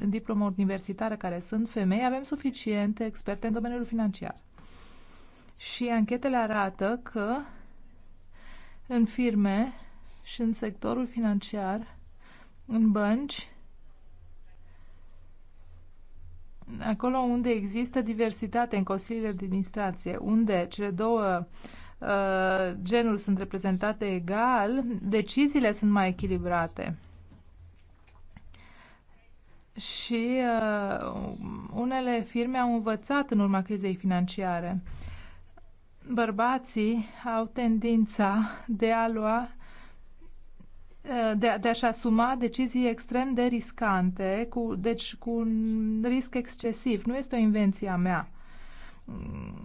în diplomă universitară care sunt femei, avem suficiente experte în domeniul financiar. Și anchetele arată că în firme și în sectorul financiar, în bănci, acolo unde există diversitate în consiliile de administrație, unde cele două uh, genuri sunt reprezentate egal, deciziile sunt mai echilibrate și uh, unele firme au învățat în urma crizei financiare. Bărbații au tendința de a lua uh, de, de a-și asuma decizii extrem de riscante, cu, deci cu un risc excesiv. Nu este o invenție a mea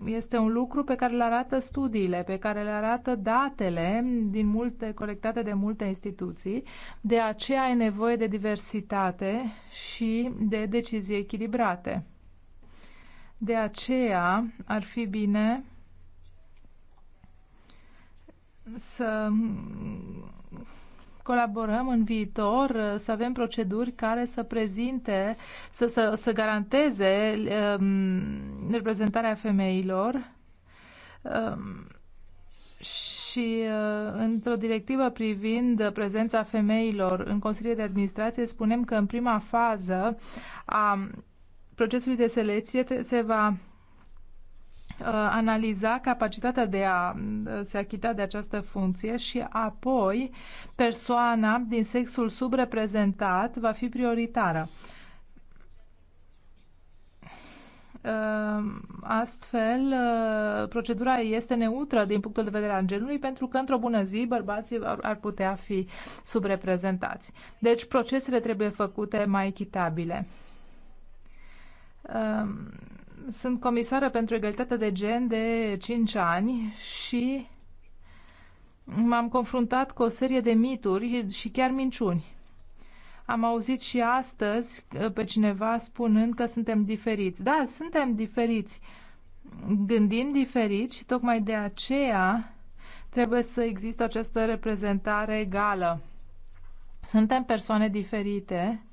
este un lucru pe care le arată studiile, pe care le arată datele din multe, colectate de multe instituții. De aceea e nevoie de diversitate și de decizii echilibrate. De aceea ar fi bine să colaborăm în viitor uh, să avem proceduri care să prezinte, să, să, să garanteze um, reprezentarea femeilor um, și uh, într-o directivă privind prezența femeilor în Consiliul de Administrație spunem că în prima fază a procesului de selecție se va Uh, analiza capacitatea de a uh, se achita de această funcție și apoi persoana din sexul subreprezentat va fi prioritară. Uh, astfel, procedura este neutră din punctul de vedere al genului pentru că într-o bună zi bărbații ar putea fi subreprezentați. Deci procesele trebuie făcute mai echitabile sunt comisară pentru egalitatea de gen de 5 ani și m-am confruntat cu o serie de mituri și chiar minciuni. Am auzit și astăzi pe cineva spunând că suntem diferiți. Da, suntem diferiți. Gândim diferit și tocmai de aceea trebuie să există această reprezentare egală. Suntem persoane diferite.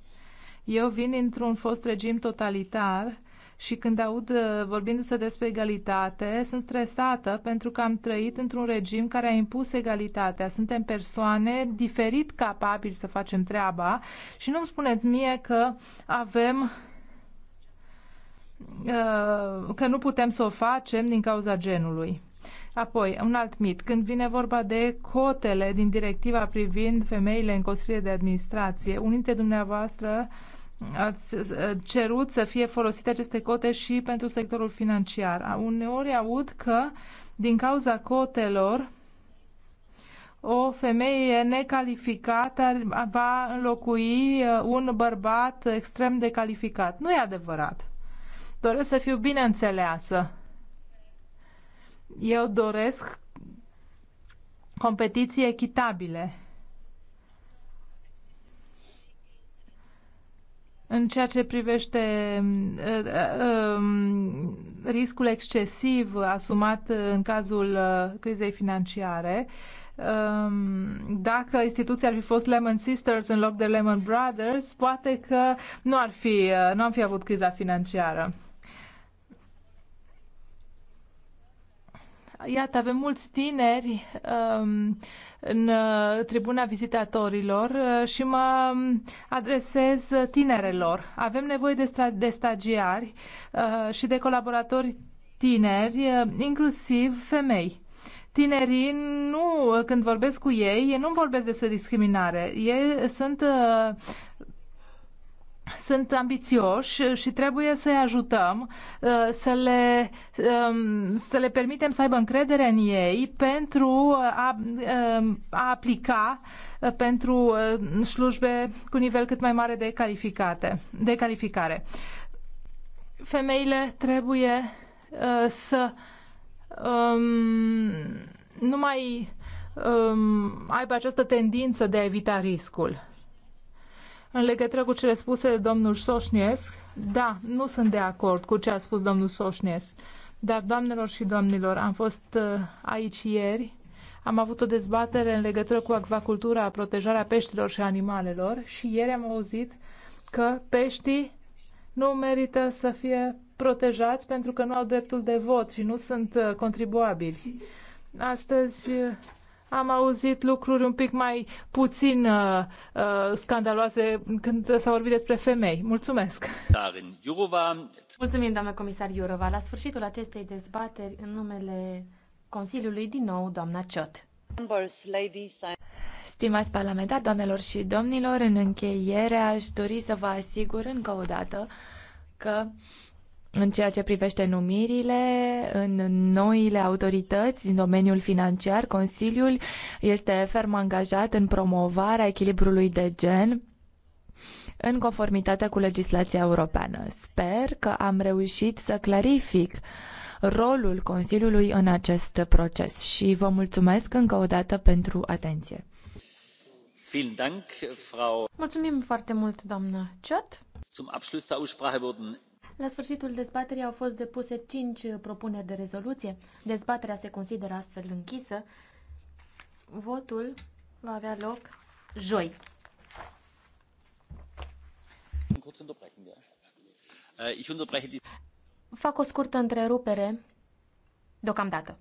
Eu vin dintr-un fost regim totalitar și când aud uh, vorbindu-se despre egalitate, sunt stresată pentru că am trăit într-un regim care a impus egalitatea. Suntem persoane diferit capabili să facem treaba și nu-mi spuneți mie că avem uh, că nu putem să o facem din cauza genului. Apoi, un alt mit. Când vine vorba de cotele din directiva privind femeile în consiliile de administrație, unii dintre dumneavoastră uh, ați uh, cerut să fie folosite aceste cote și pentru sectorul financiar. Uneori aud că din cauza cotelor o femeie necalificată va înlocui uh, un bărbat extrem de calificat. Nu e adevărat. Doresc să fiu bine înțeleasă. Eu doresc competiții echitabile În ceea ce privește mm, uh, uh, um, riscul excesiv asumat în cazul uh, crizei financiare, um, dacă instituția ar fi fost Lemon Sisters în loc de Lemon Brothers, poate că nu ar fi, uh, nu am fi avut criza financiară. Iată, avem mulți tineri um, în uh, tribuna vizitatorilor uh, și mă um, adresez tinerelor. Avem nevoie de, de stagiari uh, și de colaboratori tineri, uh, inclusiv femei tinerii nu, când vorbesc cu ei, ei nu vorbesc despre discriminare. Ei sunt uh, sunt ambițioși și trebuie să-i ajutăm, uh, să le, um, să le permitem să aibă încredere în ei pentru a, um, a aplica uh, pentru uh, slujbe cu nivel cât mai mare de, calificate, de calificare. Femeile trebuie să um, nu mai um, aibă această tendință de a evita riscul în legătură cu cele spuse de domnul Soșniesc, da, nu sunt de acord cu ce a spus domnul Soșniesc. Dar, doamnelor și domnilor, am fost uh, aici ieri, am avut o dezbatere în legătură cu acvacultura, protejarea peștilor și animalelor și ieri am auzit că peștii nu merită să fie protejați pentru că nu au dreptul de vot și nu sunt uh, contribuabili. Astăzi uh, am auzit lucruri un pic mai puțin uh, uh, scandaloase când s-a vorbit despre femei. Mulțumesc! Mulțumim, doamnă comisar Iurova. La sfârșitul acestei dezbateri, în numele Consiliului, din nou, doamna Ciot. Stimați parlamentari, doamnelor și domnilor, în încheiere aș dori să vă asigur încă o dată că uh, în ceea ce privește numirile în noile autorități din domeniul financiar, Consiliul este ferm angajat în promovarea echilibrului de gen în conformitate cu legislația europeană. Sper că am reușit să clarific rolul Consiliului în acest proces și vă mulțumesc încă o dată pentru atenție. Mulțumim foarte mult, doamnă Ciot. Zum Abschluss der Aussprache wurden la sfârșitul dezbaterii au fost depuse cinci propuneri de rezoluție. Dezbaterea se consideră astfel închisă. Votul va avea loc joi. Fac o scurtă întrerupere deocamdată.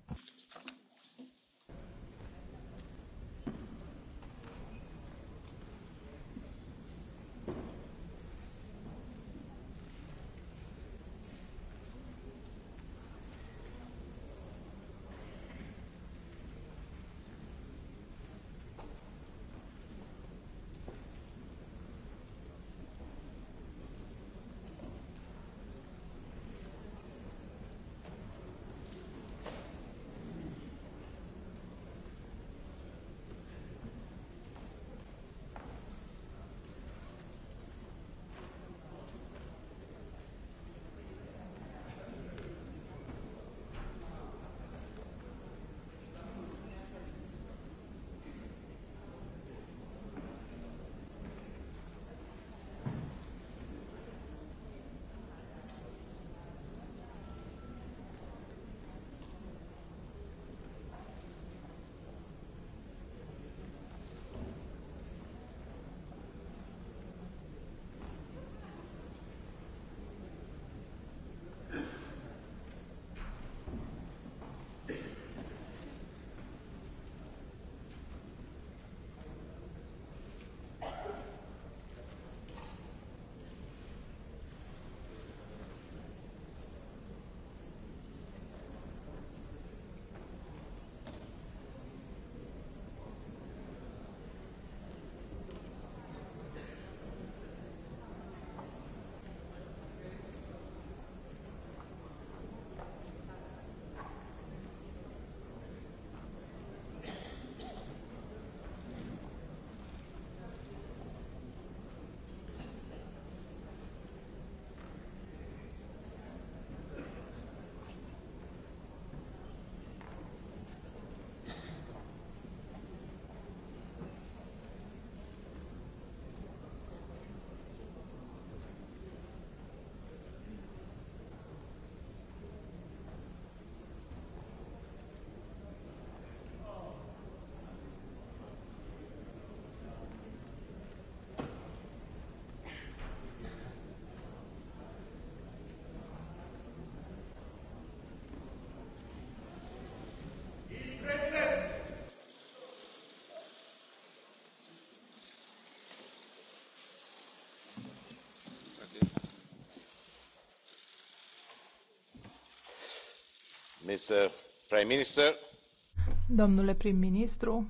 domnule prim ministru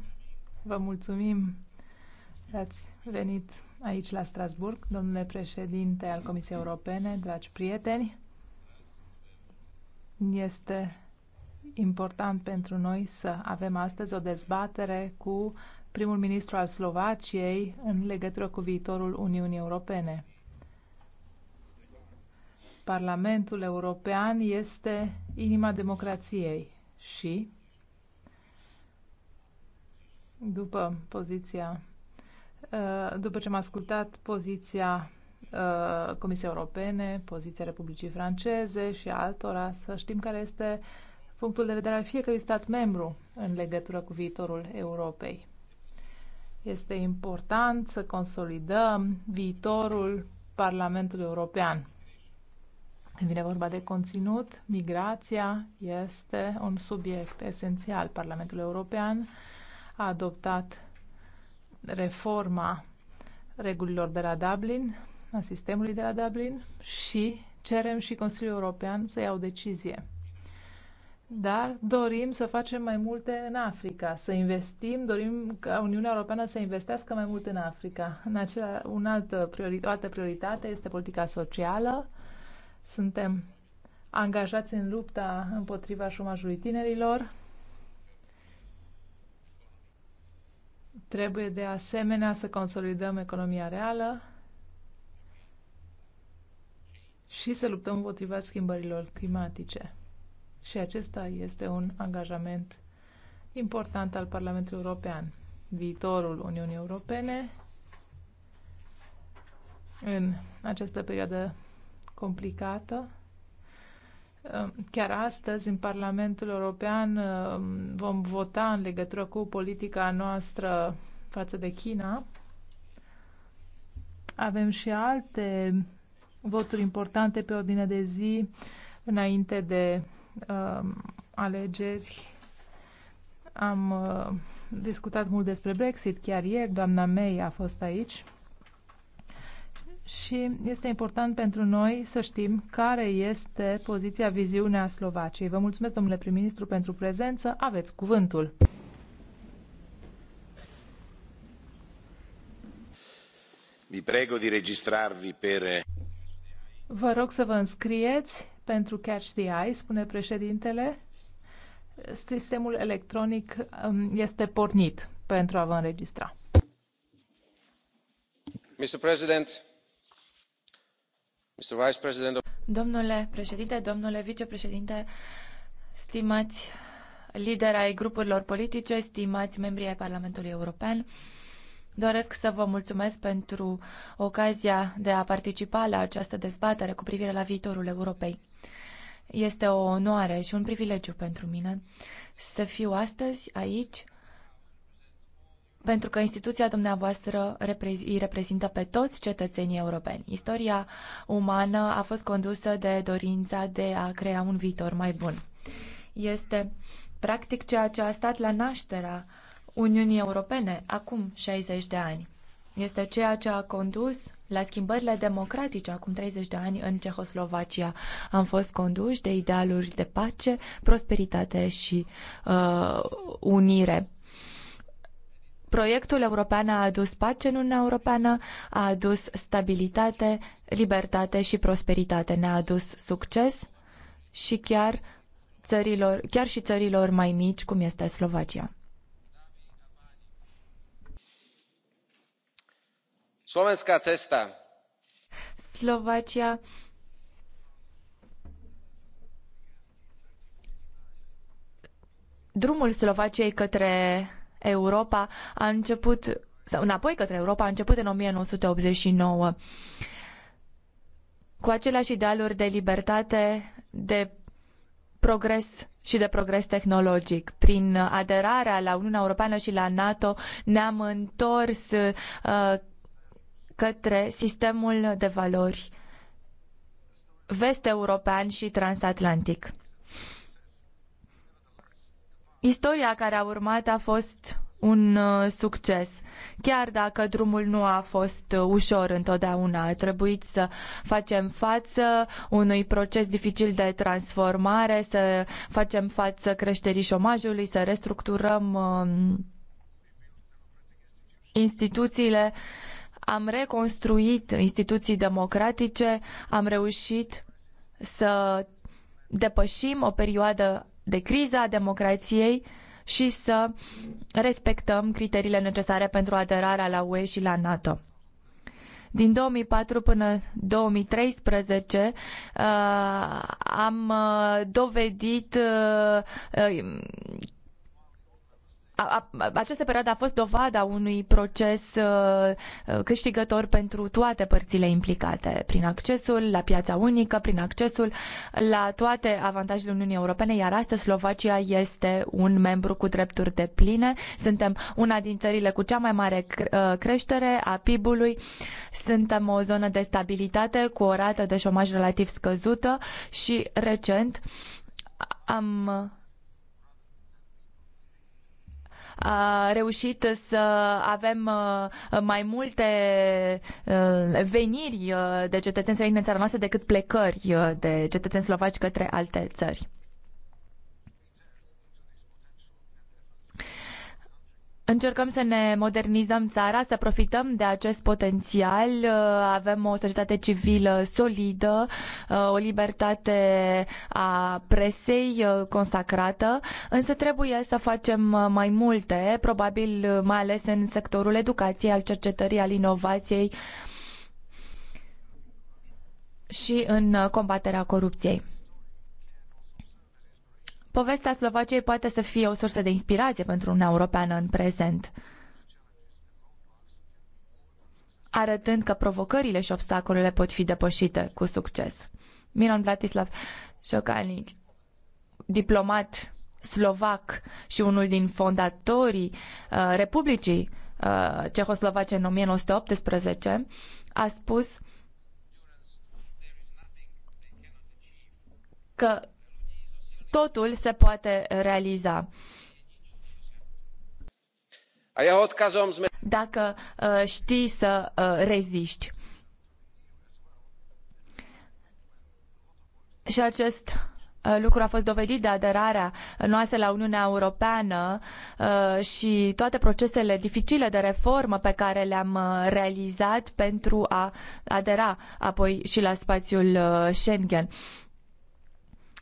vă mulțumim că ați venit aici la strasbourg domnule președinte al comisiei europene dragi prieteni este important pentru noi să avem astăzi o dezbatere cu primul ministru al slovaciei în legătură cu viitorul uniunii europene. Parlamentul European este inima democrației și, după poziția, uh, după ce am ascultat poziția uh, Comisiei Europene, poziția Republicii Franceze și altora, să știm care este punctul de vedere al fiecărui stat membru în legătură cu viitorul Europei. Este important să consolidăm viitorul Parlamentului European când vine vorba de conținut, migrația este un subiect esențial. Parlamentul European a adoptat reforma regulilor de la Dublin, a sistemului de la Dublin și cerem și Consiliul European să ia o decizie. Dar dorim să facem mai multe în Africa, să investim, dorim ca Uniunea Europeană să investească mai mult în Africa. În acela, un altă priori, o altă prioritate este politica socială, suntem angajați în lupta împotriva șomajului tinerilor. Trebuie de asemenea să consolidăm economia reală și să luptăm împotriva schimbărilor climatice. Și acesta este un angajament important al Parlamentului European. Viitorul Uniunii Europene în această perioadă complicată. Ehm, chiar astăzi, în Parlamentul European, ehm, vom vota în legătură cu politica noastră față de China. Avem și alte voturi importante pe ordine de zi înainte de uh, alegeri. Am uh, discutat mult despre Brexit chiar ieri. Doamna May a fost aici și este important pentru noi să știm care este poziția, viziunea Slovaciei. Vă mulțumesc, domnule prim-ministru, pentru prezență. Aveți cuvântul. Vi prego di registrarvi per... Vă rog să vă înscrieți pentru Catch the Eye, spune președintele. Sistemul electronic um, este pornit pentru a vă înregistra. Mr. President, Domnule președinte, domnule vicepreședinte, stimați lideri ai grupurilor politice, stimați membri ai Parlamentului European, doresc să vă mulțumesc pentru ocazia de a participa la această dezbatere cu privire la viitorul Europei. Este o onoare și un privilegiu pentru mine să fiu astăzi aici pentru că instituția dumneavoastră îi reprezintă pe toți cetățenii europeni. Istoria umană a fost condusă de dorința de a crea un viitor mai bun. Este practic ceea ce a stat la nașterea Uniunii Europene acum 60 de ani. Este ceea ce a condus la schimbările democratice acum 30 de ani în Cehoslovacia. Am fost conduși de idealuri de pace, prosperitate și uh, unire Proiectul european a adus pace în Uniunea Europeană, a adus stabilitate, libertate și prosperitate, ne-a adus succes și chiar, țărilor, chiar și țărilor mai mici, cum este Slovacia. Slovenska cesta. Slovacia Drumul Slovaciei către Europa a început, sau înapoi către Europa, a început în 1989 cu aceleași idealuri de libertate, de progres și de progres tehnologic. Prin aderarea la Uniunea Europeană și la NATO ne-am întors uh, către sistemul de valori vest-european și transatlantic. Istoria care a urmat a fost un uh, succes. Chiar dacă drumul nu a fost uh, ușor întotdeauna, a trebuit să facem față unui proces dificil de transformare, să facem față creșterii șomajului, să restructurăm um, instituțiile. Am reconstruit instituții democratice, am reușit să depășim o perioadă de criza democrației și să respectăm criteriile necesare pentru aderarea la UE și la NATO. Din 2004 până 2013 uh, am uh, dovedit uh, a, a, această perioadă a fost dovada unui proces uh, uh, câștigător pentru toate părțile implicate, prin accesul la piața unică, prin accesul la toate avantajele Uniunii Europene, iar astăzi Slovacia este un membru cu drepturi de pline. Suntem una din țările cu cea mai mare uh, creștere a PIB-ului, suntem o zonă de stabilitate cu o rată de șomaj relativ scăzută și recent am a reușit să avem uh, mai multe uh, veniri uh, de cetățeni străini în țara noastră decât plecări de cetățeni slovaci către alte țări. Încercăm să ne modernizăm țara, să profităm de acest potențial. Uh, avem o societate civilă solidă, uh, o libertate a presei uh, consacrată, însă trebuie să facem mai multe, probabil mai ales în sectorul educației, al cercetării, al inovației și în combaterea corupției. Povestea Slovaciei poate să fie o sursă de inspirație pentru Uniunea Europeană în prezent, arătând că provocările și obstacolele pot fi depășite cu succes. Milan Vladislav Șocalnic, diplomat slovac și unul din fondatorii uh, Republicii uh, Cehoslovace în 1918, a spus că totul se poate realiza. Dacă uh, știi să uh, reziști. Și acest uh, lucru a fost dovedit de aderarea noastră la Uniunea Europeană și toate procesele dificile de reformă pe care le-am realizat pentru a adera apoi și la spațiul Schengen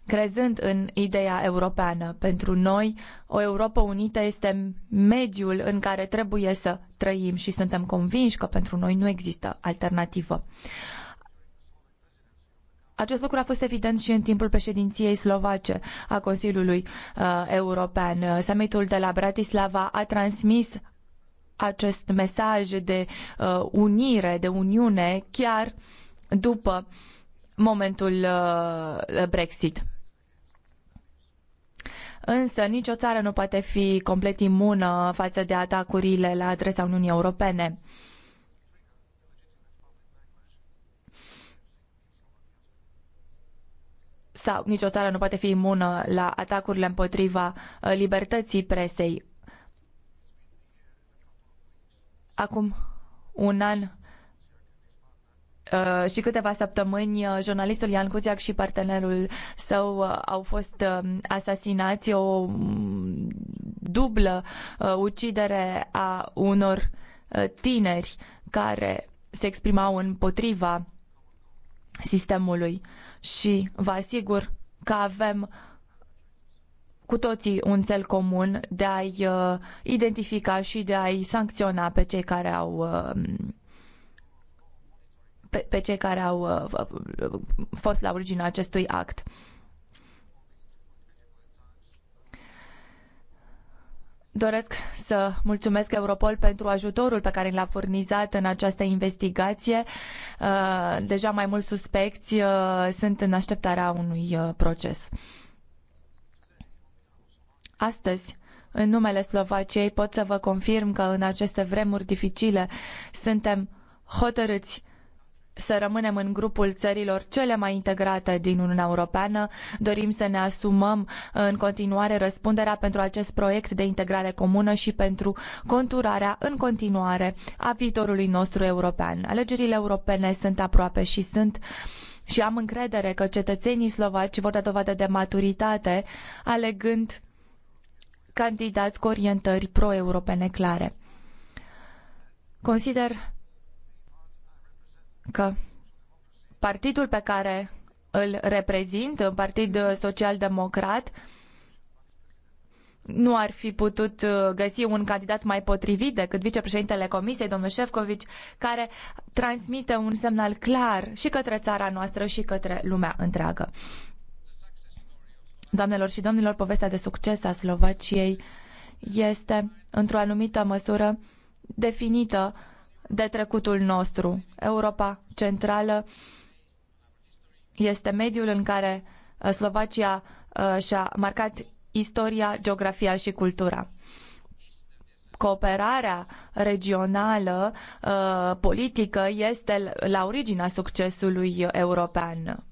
crezând în ideea europeană. Pentru noi, o Europa unită este mediul în care trebuie să trăim și suntem convinși că pentru noi nu există alternativă. Acest lucru a fost evident și în timpul președinției slovace a Consiliului uh, European. Summitul de la Bratislava a transmis acest mesaj de uh, unire, de uniune, chiar după momentul uh, Brexit. Însă nicio țară nu poate fi complet imună față de atacurile la adresa Uniunii Europene. Sau nicio țară nu poate fi imună la atacurile împotriva uh, libertății presei. Acum un an Uh, și câteva săptămâni uh, jurnalistul Ian Cuziac și partenerul său uh, au fost um, asasinați, o mm, dublă ucidere a unor tineri care se exprimau împotriva sistemului și vă asigur că avem cu toții un cel comun de a-i identifica și de a-i sancționa pe cei care au um, pe, pe cei care au uh, fost la originea acestui act. Doresc să mulțumesc Europol pentru ajutorul pe care l-a furnizat în această investigație. Uh, deja mai mulți suspecți uh, sunt în așteptarea unui proces. Astăzi, în numele Slovaciei, pot să vă confirm că în aceste vremuri dificile suntem hotărâți să rămânem în grupul țărilor cele mai integrate din Uniunea Europeană. Dorim să ne asumăm în continuare răspunderea pentru acest proiect de integrare comună și pentru conturarea în continuare a viitorului nostru european. Alegerile europene sunt aproape și sunt și am încredere că cetățenii slovaci vor da dovadă de maturitate alegând candidați cu orientări pro-europene clare. Consider că partidul pe care îl reprezint, un partid uh, social-democrat, nu ar fi putut uh, găsi un candidat mai potrivit decât vicepreședintele Comisiei, domnul Șefcovic, care transmite un semnal clar și către țara noastră și către lumea întreagă. Doamnelor și domnilor, povestea de succes a Slovaciei este, într-o anumită măsură, definită de trecutul nostru. Europa Centrală este mediul în care uh, Slovacia uh, și-a marcat istoria, geografia și cultura. Cooperarea regională uh, politică este la originea succesului european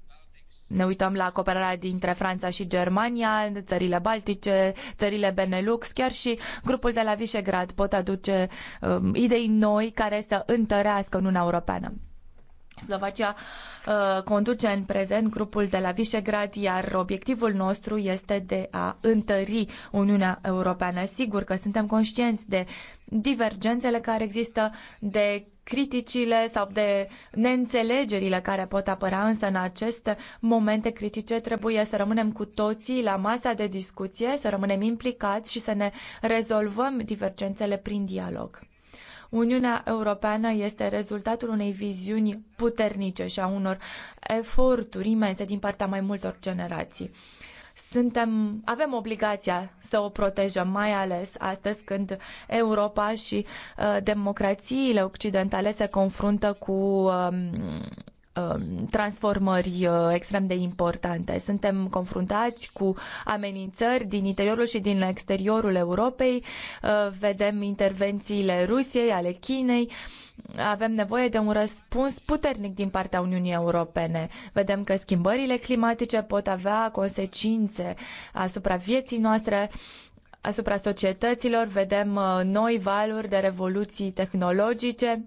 ne uităm la cooperarea dintre Franța și Germania, țările Baltice, țările Benelux, chiar și grupul de la Visegrad pot aduce um, idei noi care să întărească Uniunea Europeană. Slovacia uh, conduce în prezent grupul de la Visegrad, iar obiectivul nostru este de a întări Uniunea Europeană. Sigur că suntem conștienți de divergențele care există, de criticile sau de neînțelegerile care pot apărea, însă în aceste momente critice trebuie să rămânem cu toții la masa de discuție, să rămânem implicați și să ne rezolvăm divergențele prin dialog. Uniunea Europeană este rezultatul unei viziuni puternice și a unor eforturi imense din partea mai multor generații suntem, avem obligația să o protejăm, mai ales astăzi când Europa și uh, democrațiile occidentale se confruntă cu uh, Um, transformări uh, extrem de importante. Suntem confruntați cu amenințări din interiorul și din exteriorul Europei, uh, vedem intervențiile Rusiei, ale Chinei, avem nevoie de un răspuns puternic din partea Uniunii Europene. Vedem că schimbările climatice pot avea consecințe asupra vieții noastre, asupra societăților, vedem uh, noi valuri de revoluții tehnologice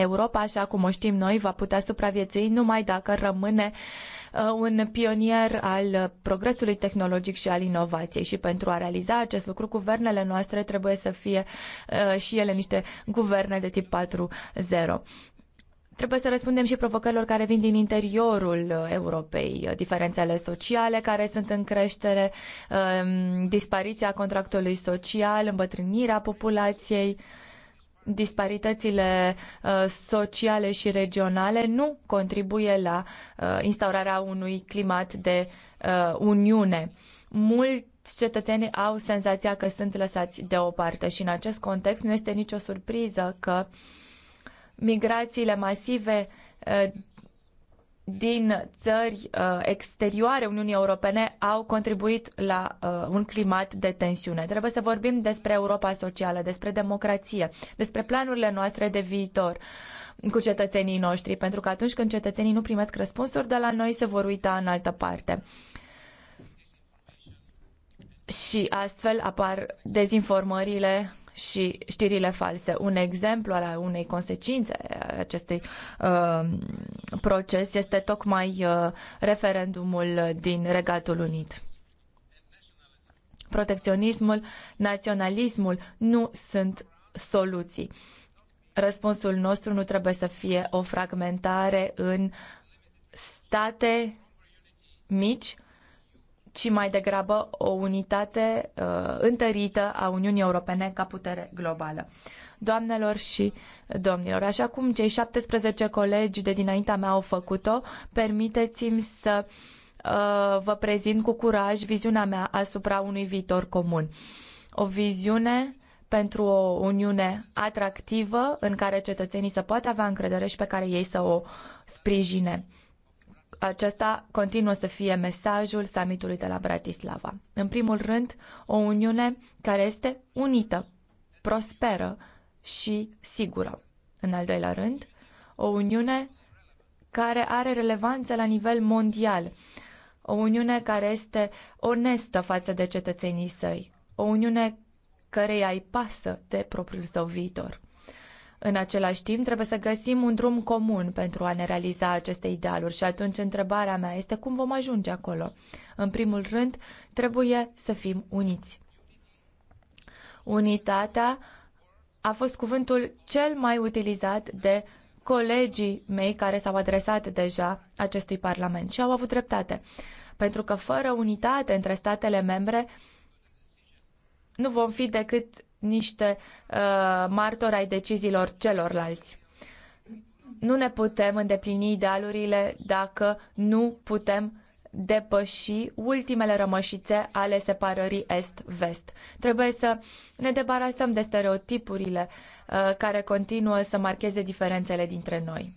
Europa, așa cum o știm noi, va putea supraviețui numai dacă rămâne uh, un pionier al progresului tehnologic și al inovației. Și pentru a realiza acest lucru, guvernele noastre trebuie să fie uh, și ele niște guverne de tip 4.0. Trebuie să răspundem și provocărilor care vin din interiorul uh, Europei, diferențele sociale care sunt în creștere, um, dispariția contractului social, îmbătrânirea populației disparitățile uh, sociale și regionale nu contribuie la uh, instaurarea unui climat de uh, uniune. Mulți cetățeni au senzația că sunt lăsați deoparte și în acest context nu este nicio surpriză că migrațiile masive din țări uh, exterioare Uniunii Europene au contribuit la uh, un climat de tensiune. Trebuie să vorbim despre Europa socială, despre democrație, despre planurile noastre de viitor cu cetățenii noștri, pentru că atunci când cetățenii nu primesc răspunsuri de la noi, se vor uita în altă parte. Și astfel apar dezinformările și știrile false. Un exemplu al unei consecințe acestui uh, proces este tocmai uh, referendumul din Regatul Unit. Protecționismul, naționalismul nu sunt soluții. Răspunsul nostru nu trebuie să fie o fragmentare în state mici ci mai degrabă o unitate uh, întărită a Uniunii Europene ca putere globală. Doamnelor și domnilor, așa cum cei 17 colegi de dinaintea mea au făcut-o, permiteți-mi să uh, vă prezint cu curaj viziunea mea asupra unui viitor comun. O viziune pentru o uniune atractivă în care cetățenii să poată avea încredere și pe care ei să o sprijine. Acesta continuă să fie mesajul summitului de la Bratislava. În primul rând, o Uniune care este unită, prosperă și sigură. În al doilea rând, o Uniune care are relevanță la nivel mondial, o Uniune care este onestă față de cetățenii săi, o Uniune căreia îi pasă de propriul său viitor. În același timp, trebuie să găsim un drum comun pentru a ne realiza aceste idealuri și atunci întrebarea mea este cum vom ajunge acolo. În primul rând, trebuie să fim uniți. Unitatea a fost cuvântul cel mai utilizat de colegii mei care s-au adresat deja acestui Parlament și au avut dreptate. Pentru că fără unitate între statele membre nu vom fi decât niște uh, martori ai deciziilor celorlalți. Nu ne putem îndeplini idealurile dacă nu putem depăși ultimele rămășițe ale separării est-vest. Trebuie să ne debarasăm de stereotipurile uh, care continuă să marcheze diferențele dintre noi.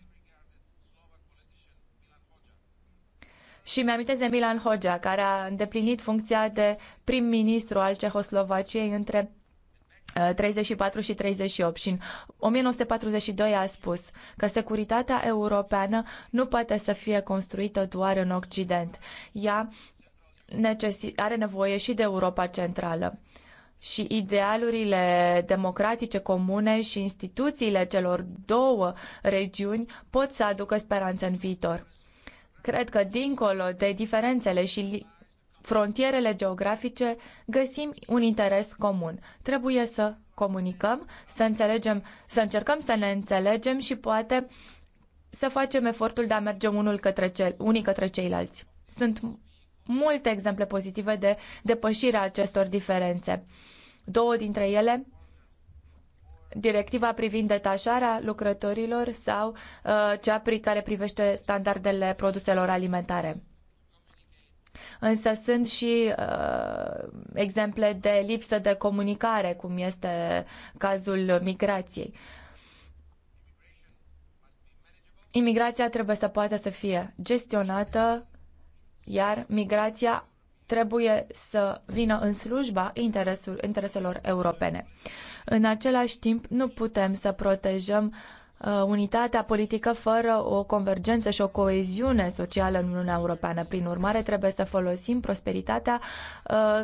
Și mi-amintesc de Milan Hoxha, care a îndeplinit funcția de prim-ministru al Cehoslovaciei între 34 uh, și 38 și în 1942 a spus că securitatea europeană nu poate să fie construită doar în Occident. Ea are nevoie și de Europa Centrală și idealurile democratice comune și instituțiile celor două regiuni pot să aducă speranță în viitor. Cred că dincolo de diferențele și frontierele geografice, găsim un interes comun. Trebuie să comunicăm, să înțelegem, să încercăm să ne înțelegem și poate să facem efortul de a merge unul către cel, unii către ceilalți. Sunt multe exemple pozitive de depășirea acestor diferențe. Două dintre ele directiva privind detașarea lucrătorilor sau uh, cea care privește standardele produselor alimentare. Însă sunt și uh, exemple de lipsă de comunicare, cum este cazul migrației. Imigrația trebuie să poată să fie gestionată, iar migrația trebuie să vină în slujba intereselor europene. În același timp, nu putem să protejăm uh, Uh, unitatea politică fără o convergență și o coeziune socială în Uniunea Europeană. Prin urmare, trebuie să folosim prosperitatea uh,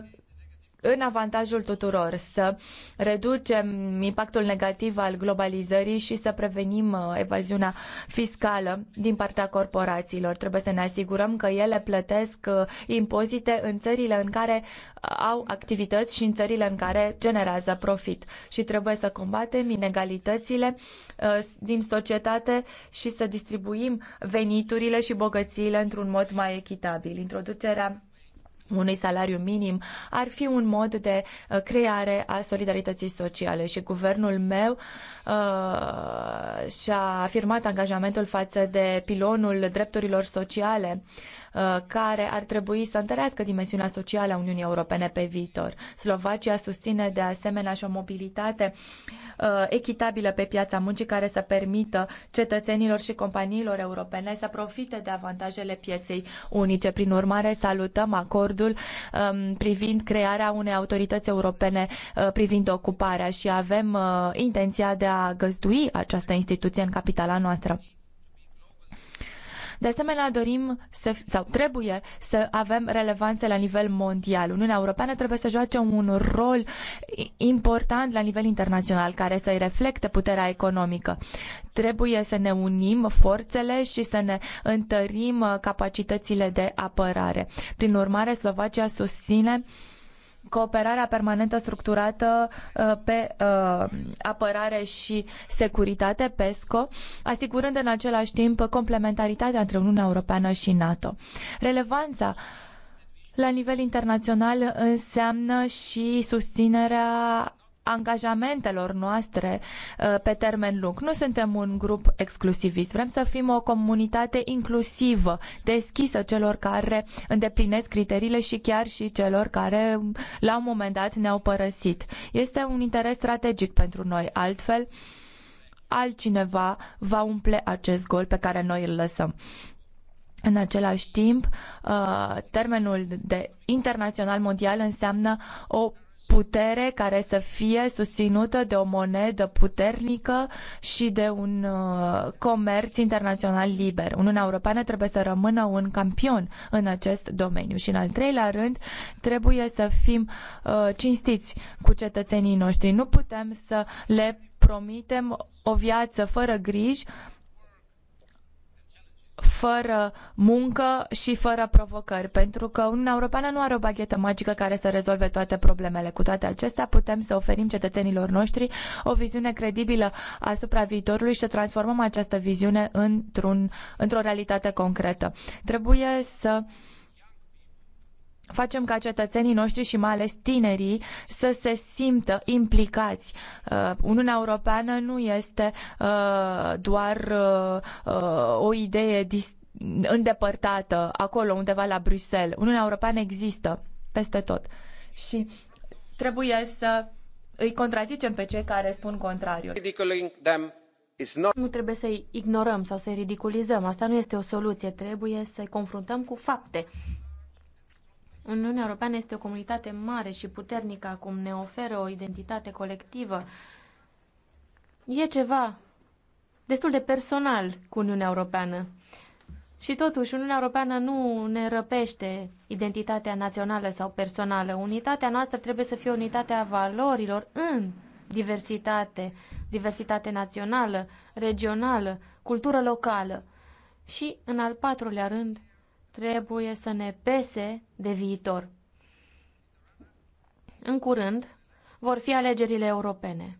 în avantajul tuturor, să reducem impactul negativ al globalizării și să prevenim uh, evaziunea fiscală din partea corporațiilor. Trebuie să ne asigurăm că ele plătesc uh, impozite în țările în care uh, au activități și în țările în care generează profit. Și trebuie să combatem inegalitățile din societate și să distribuim veniturile și bogățiile într-un mod mai echitabil. Introducerea unui salariu minim ar fi un mod de uh, creare a solidarității sociale și guvernul meu uh, și-a afirmat angajamentul față de pilonul drepturilor sociale Uh, care ar trebui să întărească dimensiunea socială a Uniunii Europene pe viitor. Slovacia susține de asemenea și o mobilitate uh, echitabilă pe piața muncii care să permită cetățenilor și companiilor europene să profite de avantajele pieței unice. Prin urmare, salutăm acordul um, privind crearea unei autorități europene uh, privind ocuparea și avem intenția de a găzdui această instituție în capitala noastră. De asemenea, dorim să, sau trebuie să avem relevanță la nivel mondial. Uniunea Europeană trebuie să joace un rol important la nivel internațional care să-i reflecte puterea economică. Trebuie să ne unim forțele și să ne întărim uh, capacitățile de apărare. Prin urmare, Slovacia susține cooperarea permanentă structurată uh, pe uh, apărare și securitate, PESCO, asigurând în același timp complementaritatea între Uniunea Europeană și NATO. Relevanța la nivel internațional înseamnă și susținerea angajamentelor noastre uh, pe termen lung. Nu suntem un grup exclusivist, vrem să fim o comunitate inclusivă, deschisă celor care îndeplinesc criteriile și chiar și celor care la un moment dat ne-au părăsit. Este un interes strategic pentru noi, altfel altcineva va umple acest gol pe care noi îl lăsăm. În același timp, uh, termenul de internațional mondial înseamnă o putere care să fie susținută de o monedă puternică și de un uh, comerț internațional liber. Uniunea Europeană trebuie să rămână un campion în acest domeniu și, în al treilea rând, trebuie să fim uh, cinstiți cu cetățenii noștri. Nu putem să le promitem o viață fără griji uh, fără muncă și fără provocări, pentru că Uniunea Europeană nu are o baghetă magică care să rezolve toate problemele. Cu toate acestea, putem să oferim cetățenilor noștri o viziune credibilă asupra viitorului și să transformăm această viziune într-un, într-o realitate concretă. Trebuie să uh, facem ca cetățenii noștri și mai ales tinerii să se simtă implicați. Uh, Uniunea Europeană nu este uh, doar uh, o idee îndepărtată acolo undeva la Bruxelles. Uniunea Europeană există peste tot și trebuie să îi contrazicem pe cei care spun contrariul. Nu trebuie să-i ignorăm sau să-i ridiculizăm. Asta nu este o soluție. Trebuie să-i confruntăm cu fapte. Uniunea Europeană este o comunitate mare și puternică acum, ne oferă o identitate colectivă. E ceva destul de personal cu Uniunea Europeană. Și totuși, Uniunea Europeană nu ne răpește identitatea națională sau personală. Unitatea noastră trebuie să fie unitatea valorilor în diversitate, diversitate națională, regională, cultură locală. Și, în al patrulea rând, trebuie să ne pese de viitor. În curând vor fi alegerile europene.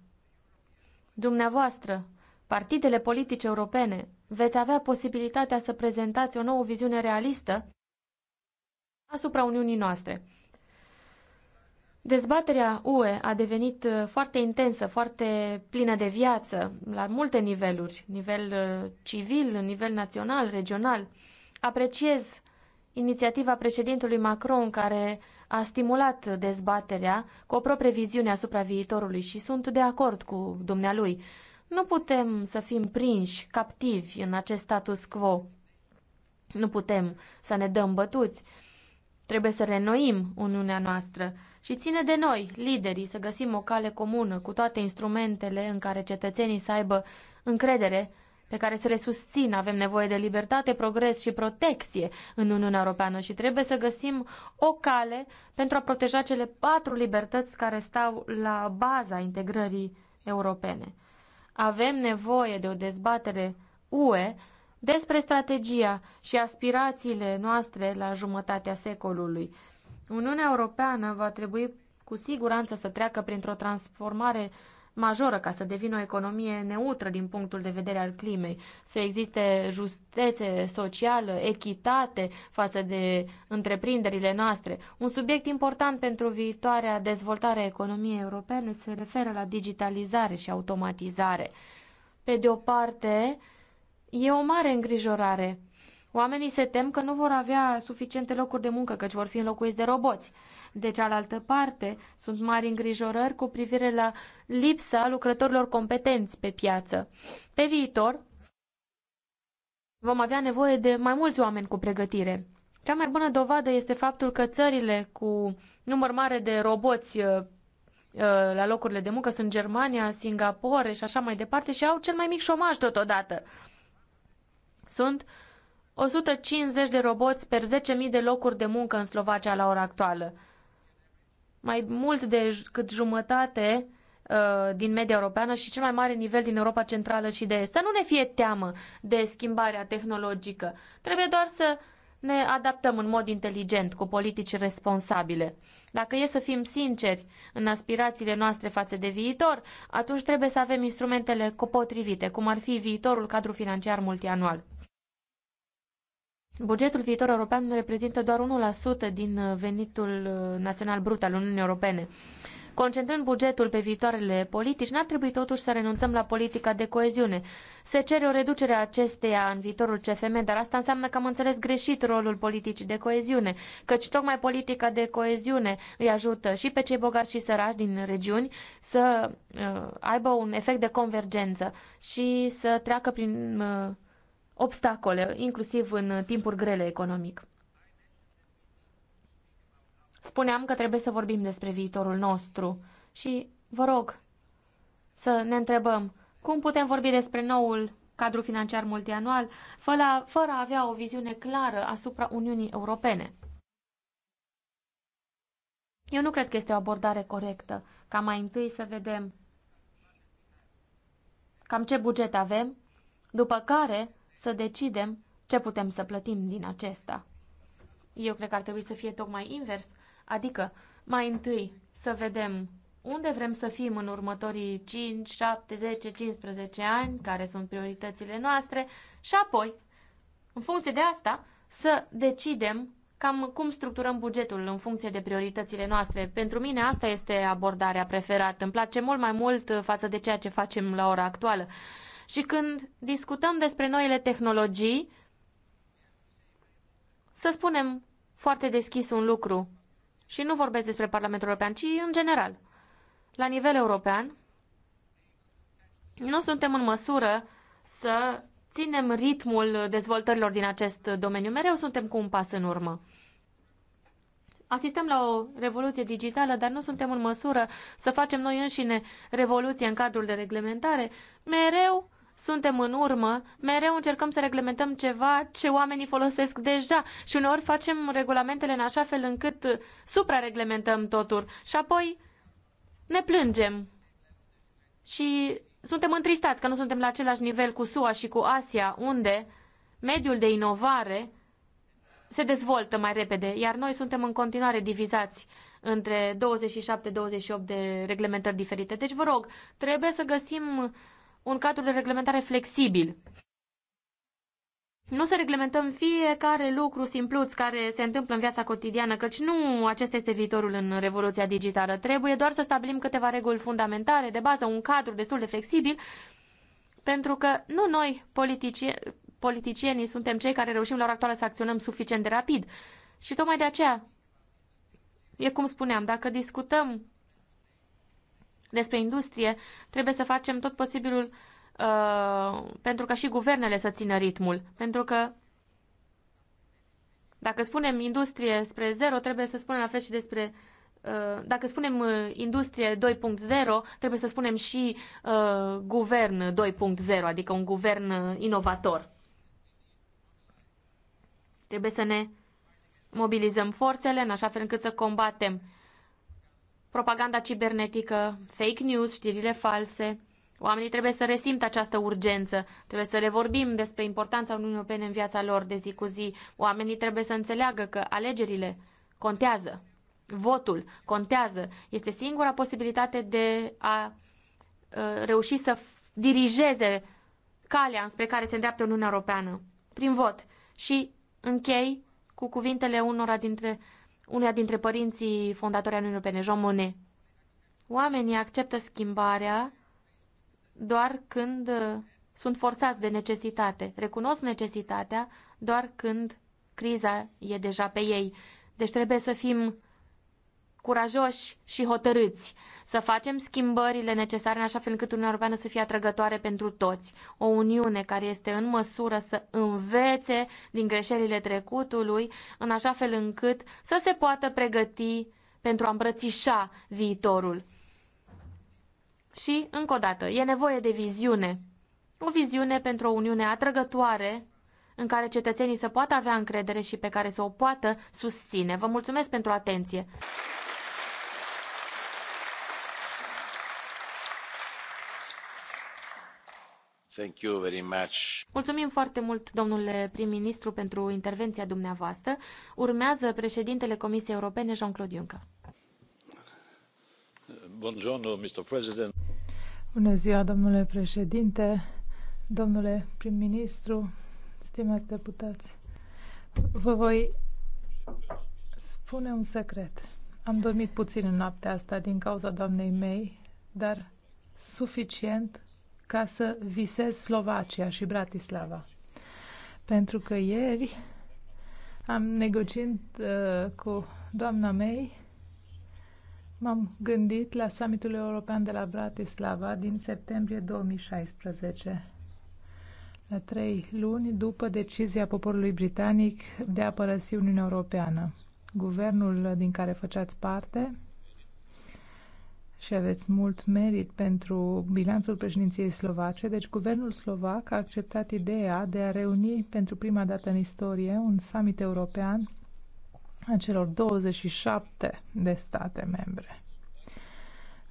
Dumneavoastră, partidele politice europene, veți avea posibilitatea să prezentați o nouă viziune realistă asupra Uniunii noastre. Dezbaterea UE a devenit uh, foarte intensă, foarte plină de viață, la multe niveluri, nivel uh, civil, nivel național, regional. Apreciez inițiativa președintelui Macron care a stimulat dezbaterea cu o proprie viziune asupra viitorului și sunt de acord cu dumnealui. Nu putem să fim prinși, captivi în acest status quo. Nu putem să ne dăm bătuți. Trebuie să renoim Uniunea noastră și ține de noi, liderii, să găsim o cale comună cu toate instrumentele în care cetățenii să aibă încredere pe care să le susțin. Avem nevoie de libertate, progres și protecție în Uniunea Europeană și trebuie să găsim o cale pentru a proteja cele patru libertăți care stau la baza integrării europene. Avem nevoie de o dezbatere UE despre strategia și aspirațiile noastre la jumătatea secolului. Uniunea Europeană va trebui cu siguranță să treacă printr-o transformare uh, majoră ca să devină o economie neutră din punctul de vedere al climei, să existe justețe socială, echitate față de întreprinderile noastre. Un subiect important pentru viitoarea dezvoltare a economiei europene se referă la digitalizare și automatizare. Pe de o parte, e o mare îngrijorare Oamenii se tem că nu vor avea suficiente locuri de muncă, căci vor fi înlocuiți de roboți. De cealaltă parte, sunt mari îngrijorări cu privire la lipsa lucrătorilor competenți pe piață. Pe viitor, vom avea nevoie de mai mulți oameni cu pregătire. Cea mai bună dovadă este faptul că țările cu număr mare de roboți uh, uh, la locurile de muncă sunt Germania, Singapore și așa mai departe și au cel mai mic șomaj totodată. Sunt uh, 150 de roboți per 10.000 de locuri de muncă în Slovacia la ora actuală. Mai mult decât jumătate uh, din media europeană și cel mai mare nivel din Europa Centrală și de Est. Să nu ne fie teamă de schimbarea tehnologică. Trebuie doar să ne adaptăm în mod inteligent, cu politici responsabile. Dacă e să fim sinceri în aspirațiile noastre față de viitor, atunci trebuie să avem instrumentele potrivite, cum ar fi viitorul cadru financiar multianual. Bugetul viitor european reprezintă doar 1% din uh, venitul uh, național brut al Uniunii Europene. Concentrând bugetul pe viitoarele politici, n-ar trebui totuși să renunțăm la politica de coeziune. Se cere o reducere a acesteia în viitorul CFM, dar asta înseamnă că am înțeles greșit rolul politicii de coeziune, căci tocmai politica de coeziune îi ajută și pe cei bogați și săraci din regiuni să uh, aibă un efect de convergență și să treacă prin uh, obstacole, inclusiv în timpuri grele economic. Spuneam că trebuie să vorbim despre viitorul nostru și vă rog să ne întrebăm cum putem vorbi despre noul cadru financiar multianual fără, fără a avea o viziune clară asupra Uniunii Europene. Eu nu cred că este o abordare corectă ca mai întâi să vedem cam ce buget avem, după care să decidem ce putem să plătim din acesta. Eu cred că ar trebui să fie tocmai invers, adică mai întâi să vedem unde vrem să fim în următorii 5, 7, 10, 15 ani, care sunt prioritățile noastre și apoi, în funcție de asta, să decidem cam cum structurăm bugetul în funcție de prioritățile noastre. Pentru mine asta este abordarea preferată. Îmi place mult mai mult față de ceea ce facem la ora actuală. Și când discutăm despre noile tehnologii, să spunem foarte deschis un lucru. Și nu vorbesc despre Parlamentul European, ci în general. La nivel european, nu suntem în măsură să ținem ritmul dezvoltărilor din acest domeniu. Mereu suntem cu un pas în urmă. Asistăm la o revoluție digitală, dar nu suntem în măsură să facem noi înșine revoluție în cadrul de reglementare. Mereu suntem în urmă, mereu încercăm să reglementăm ceva ce oamenii folosesc deja și uneori facem regulamentele în așa fel încât suprareglementăm totul și apoi ne plângem și suntem întristați că nu suntem la același nivel cu SUA și cu Asia, unde mediul de inovare se dezvoltă mai repede, iar noi suntem în continuare divizați între 27-28 de reglementări diferite. Deci, vă rog, trebuie să găsim un cadru de reglementare flexibil. Nu să reglementăm fiecare lucru simpluț care se întâmplă în viața cotidiană, căci nu acesta este viitorul în revoluția digitală. Trebuie doar să stabilim câteva reguli fundamentale, de bază, un cadru destul de flexibil, pentru că nu noi, politici, politicienii, suntem cei care reușim la ora actuală să acționăm suficient de rapid. Și tocmai de aceea, e cum spuneam, dacă discutăm despre industrie, trebuie să facem tot posibilul uh, pentru ca și guvernele să țină ritmul. Pentru că dacă spunem industrie spre zero, trebuie să spunem la fel și despre uh, dacă spunem uh, industrie 2.0, trebuie să spunem și uh, guvern 2.0, adică un guvern uh, inovator. Trebuie să ne mobilizăm forțele în așa fel încât să combatem propaganda cibernetică, fake news, știrile false. Oamenii trebuie să resimtă această urgență, trebuie să le vorbim despre importanța Uniunii Europene în viața lor de zi cu zi. Oamenii trebuie să înțeleagă că alegerile contează, votul contează. Este singura posibilitate de a uh, reuși să dirigeze calea înspre care se îndreaptă Uniunea Europeană, prin vot. Și închei cu cuvintele unora dintre unuia dintre părinții fondatori ai pe Europene, Jean Monnet. Oamenii acceptă schimbarea doar când uh, sunt forțați de necesitate. Recunosc necesitatea doar când criza e deja pe ei. Deci trebuie să fim curajoși și hotărâți să facem schimbările necesare în așa fel încât Uniunea Europeană să fie atrăgătoare pentru toți. O Uniune care este în măsură să învețe din greșelile trecutului, în așa fel încât să se poată pregăti pentru a îmbrățișa viitorul. Și, încă o dată, e nevoie de viziune. O viziune pentru o Uniune atrăgătoare în care cetățenii să poată avea încredere și pe care să o poată susține. Vă mulțumesc pentru atenție! Thank you very much. Mulțumim foarte mult, domnule prim-ministru, pentru intervenția dumneavoastră. Urmează președintele Comisiei Europene, Jean-Claude Juncker. Buongiorno, Mr. President. Bună ziua, domnule președinte, domnule prim-ministru, stimați deputați. Vă voi spune un secret. Am dormit puțin în noaptea asta din cauza doamnei mei, dar suficient ca să visez Slovacia și Bratislava. Pentru că ieri am negociat uh, cu doamna mei, m-am gândit la summitul european de la Bratislava din septembrie 2016, la trei luni după decizia poporului britanic de a părăsi Uniunea Europeană. Guvernul din care făceați parte și aveți mult merit pentru bilanțul președinției slovace. Deci, guvernul slovac a acceptat ideea de a reuni pentru prima dată în istorie un summit european a celor 27 de state membre.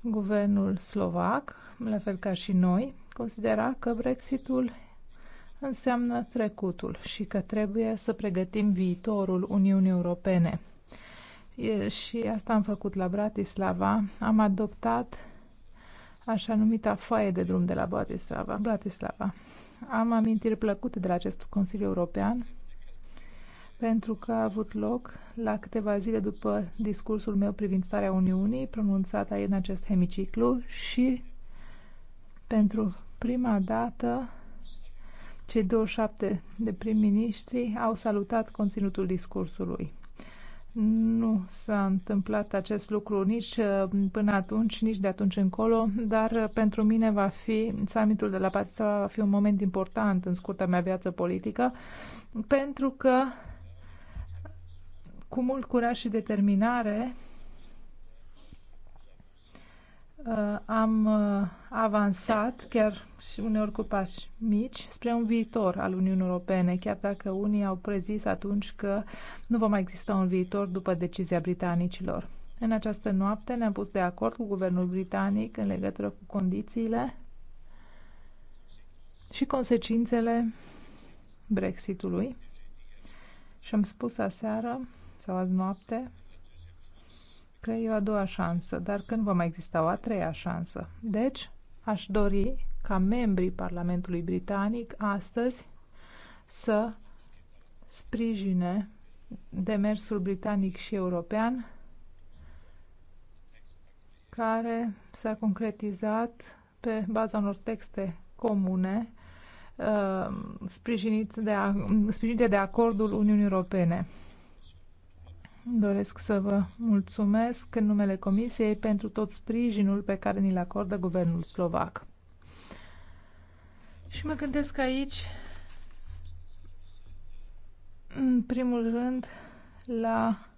Guvernul slovac, la fel ca și noi, considera că Brexitul înseamnă trecutul și că trebuie să pregătim viitorul Uniunii Europene e, și asta am făcut la Bratislava. Am adoptat așa numita foaie de drum de la Bratislava. Bratislava. Am amintiri plăcute de la acest Consiliu European pentru că a avut loc la câteva zile după discursul meu privind starea Uniunii, pronunțat aici în acest hemiciclu și pentru prima dată cei 27 de prim-ministri au salutat conținutul discursului. Nu s-a întâmplat acest lucru nici uh, până atunci, nici de atunci încolo, dar uh, pentru mine va fi summitul de la Paris va fi un moment important în scurta mea viață politică, pentru că cu mult curaj și determinare Uh, am uh, avansat, chiar și uneori cu pași mici, spre un viitor al Uniunii Europene, chiar dacă unii au prezis atunci că nu va mai exista un viitor după decizia britanicilor. În această noapte ne-am pus de acord cu guvernul britanic în legătură cu condițiile și consecințele Brexitului și am spus aseară sau azi noapte că e o a doua șansă, dar când va mai exista o a treia șansă? Deci, aș dori ca membrii Parlamentului Britanic astăzi să sprijine demersul britanic și european care s-a concretizat pe baza unor texte comune uh, sprijinite de acordul Uniunii Europene. Doresc să vă mulțumesc în numele Comisiei pentru tot sprijinul pe care ni-l acordă guvernul slovac. Și mă gândesc aici, în primul rând, la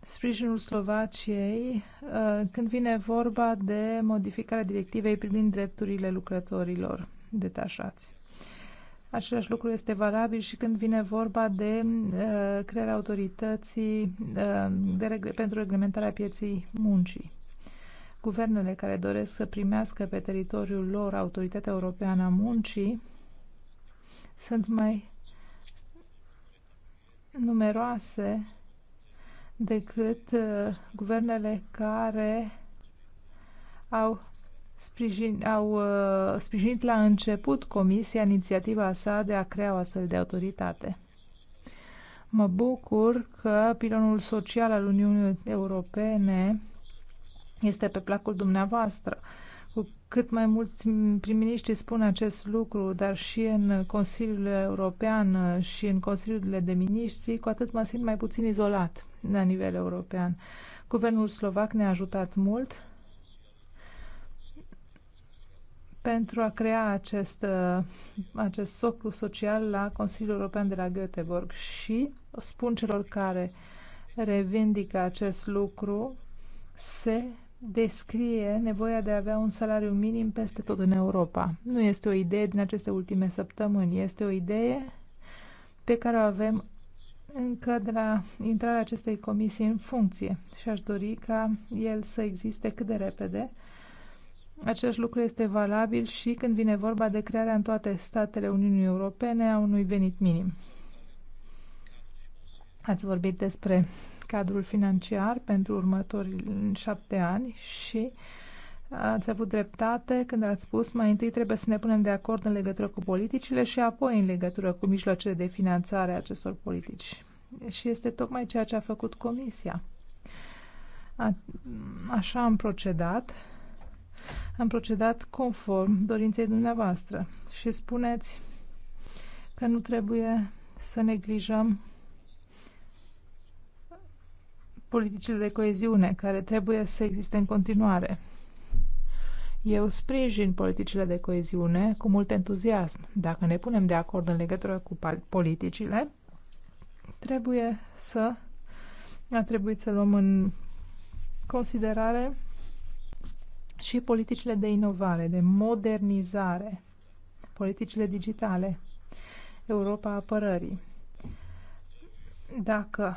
sprijinul Slovaciei uh, când vine vorba de modificarea directivei privind drepturile lucrătorilor detașați. Același lucru este valabil și când vine vorba de uh, crearea autorității uh, de regre pentru reglementarea pieței muncii. Guvernele care doresc să primească pe teritoriul lor Autoritatea Europeană a Muncii sunt mai numeroase decât uh, guvernele care au sprijin, au uh, sprijinit la început Comisia inițiativa sa de a crea o astfel de autoritate. Mă bucur că pilonul social al Uniunii Europene este pe placul dumneavoastră. Cu cât mai mulți prim ministri spun acest lucru, dar și în Consiliul European și în Consiliurile de Ministri, cu atât mă simt mai puțin izolat la nivel european. Guvernul slovac ne-a ajutat mult pentru a crea acest, uh, acest soclu social la Consiliul European de la Göteborg și spun celor care revendică acest lucru se descrie nevoia de a avea un salariu minim peste tot în Europa. Nu este o idee din aceste ultime săptămâni, este o idee pe care o avem încă de la intrarea acestei comisii în funcție și aș dori ca el să existe cât de repede acest lucru este valabil și când vine vorba de crearea în toate statele Uniunii Europene a unui venit minim. Ați vorbit despre cadrul financiar pentru următorii șapte ani și ați avut dreptate când ați spus mai întâi trebuie să ne punem de acord în legătură cu politicile și apoi în legătură cu mijloacele de finanțare a acestor politici. Și este tocmai ceea ce a făcut Comisia. A, așa am procedat am procedat conform dorinței dumneavoastră și spuneți că nu trebuie să neglijăm politicile de coeziune care trebuie să existe în continuare. Eu sprijin politicile de coeziune cu mult entuziasm. Dacă ne punem de acord în legătură cu politicile, trebuie să a trebuit să luăm în considerare și politicile de inovare, de modernizare, politicile digitale, Europa apărării. Dacă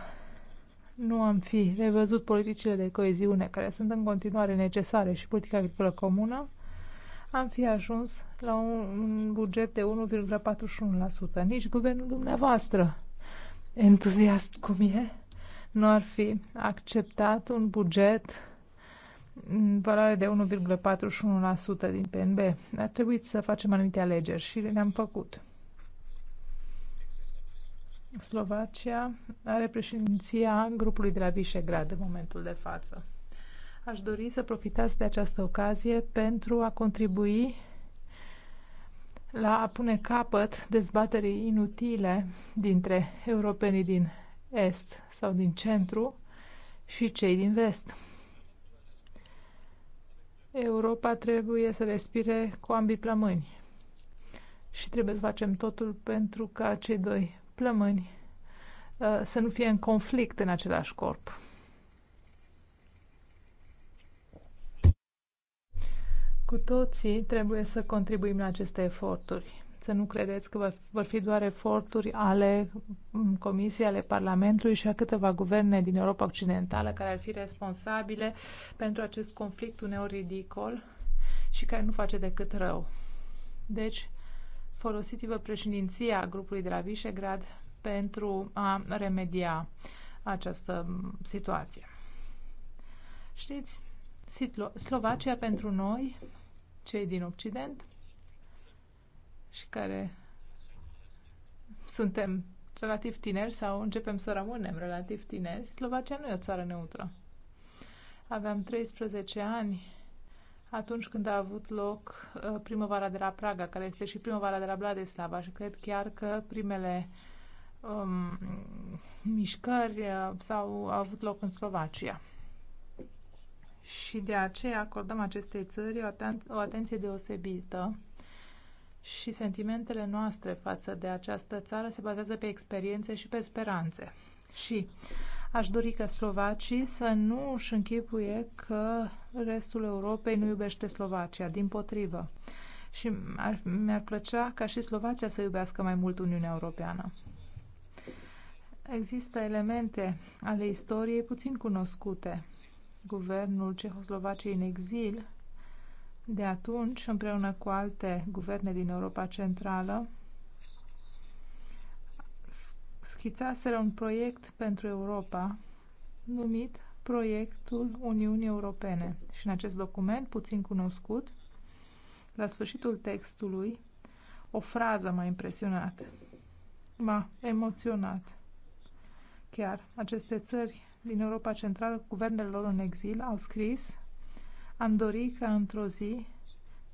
nu am fi revăzut politicile de coeziune, care sunt în continuare necesare, și politica agricolă comună, am fi ajuns la un buget de 1,41%. Nici guvernul dumneavoastră, entuziast cum e, nu ar fi acceptat un buget în valoare de 1,41% din PNB. A trebuit să facem anumite alegeri și le-am făcut. Slovacia are președinția grupului de la Visegrad în momentul de față. Aș dori să profitați de această ocazie pentru a contribui la a pune capăt dezbaterii inutile dintre europenii din Est sau din Centru și cei din Vest. Europa trebuie să respire cu ambii plămâni și trebuie să facem totul pentru ca cei doi plămâni uh, să nu fie în conflict în același corp. Cu toții trebuie să contribuim la aceste eforturi să nu credeți că vor fi doar eforturi ale mm, Comisiei, ale Parlamentului și a câteva guverne din Europa Occidentală care ar fi responsabile pentru acest conflict uneori ridicol și care nu face decât rău. Deci, folosiți-vă președinția grupului de la Visegrad pentru a remedia această mm, situație. Știți, Slovacia pentru noi, cei din Occident, și care suntem relativ tineri sau începem să rămânem relativ tineri, Slovacia nu e o țară neutră. Aveam 13 ani atunci când a avut loc uh, primăvara de la Praga, care este și primăvara de la Bladeslava și cred chiar că primele um, mișcări uh, sau au avut loc în Slovacia. Și de aceea acordăm acestei țări o, aten- o atenție deosebită și sentimentele noastre față de această țară se bazează pe experiențe și pe speranțe. Și aș dori ca slovacii să nu își închipuie că restul Europei nu iubește Slovacia, din potrivă. Și mi-ar mi plăcea ca și Slovacia să iubească mai mult Uniunea Europeană. Există elemente ale istoriei puțin cunoscute. Guvernul Cehoslovaciei în exil de atunci, împreună cu alte guverne din Europa Centrală, schițaseră un proiect pentru Europa numit Proiectul Uniunii Europene. Și în acest document, puțin cunoscut, la sfârșitul textului, o frază m-a impresionat, m-a emoționat. Chiar aceste țări din Europa Centrală, guvernele lor în exil, au scris am dorit ca într-o zi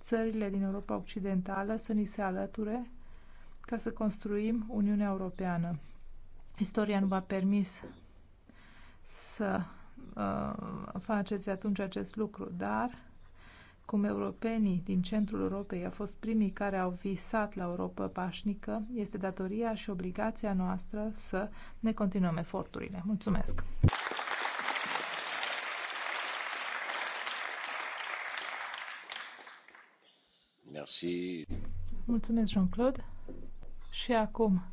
țările din Europa Occidentală să ni se alăture ca să construim Uniunea Europeană. Istoria nu v-a permis să uh, faceți atunci acest lucru, dar cum europenii din centrul Europei au fost primii care au visat la Europa pașnică, este datoria și obligația noastră să ne continuăm eforturile. Mulțumesc! Merci. Mulțumesc, Jean-Claude. Și acum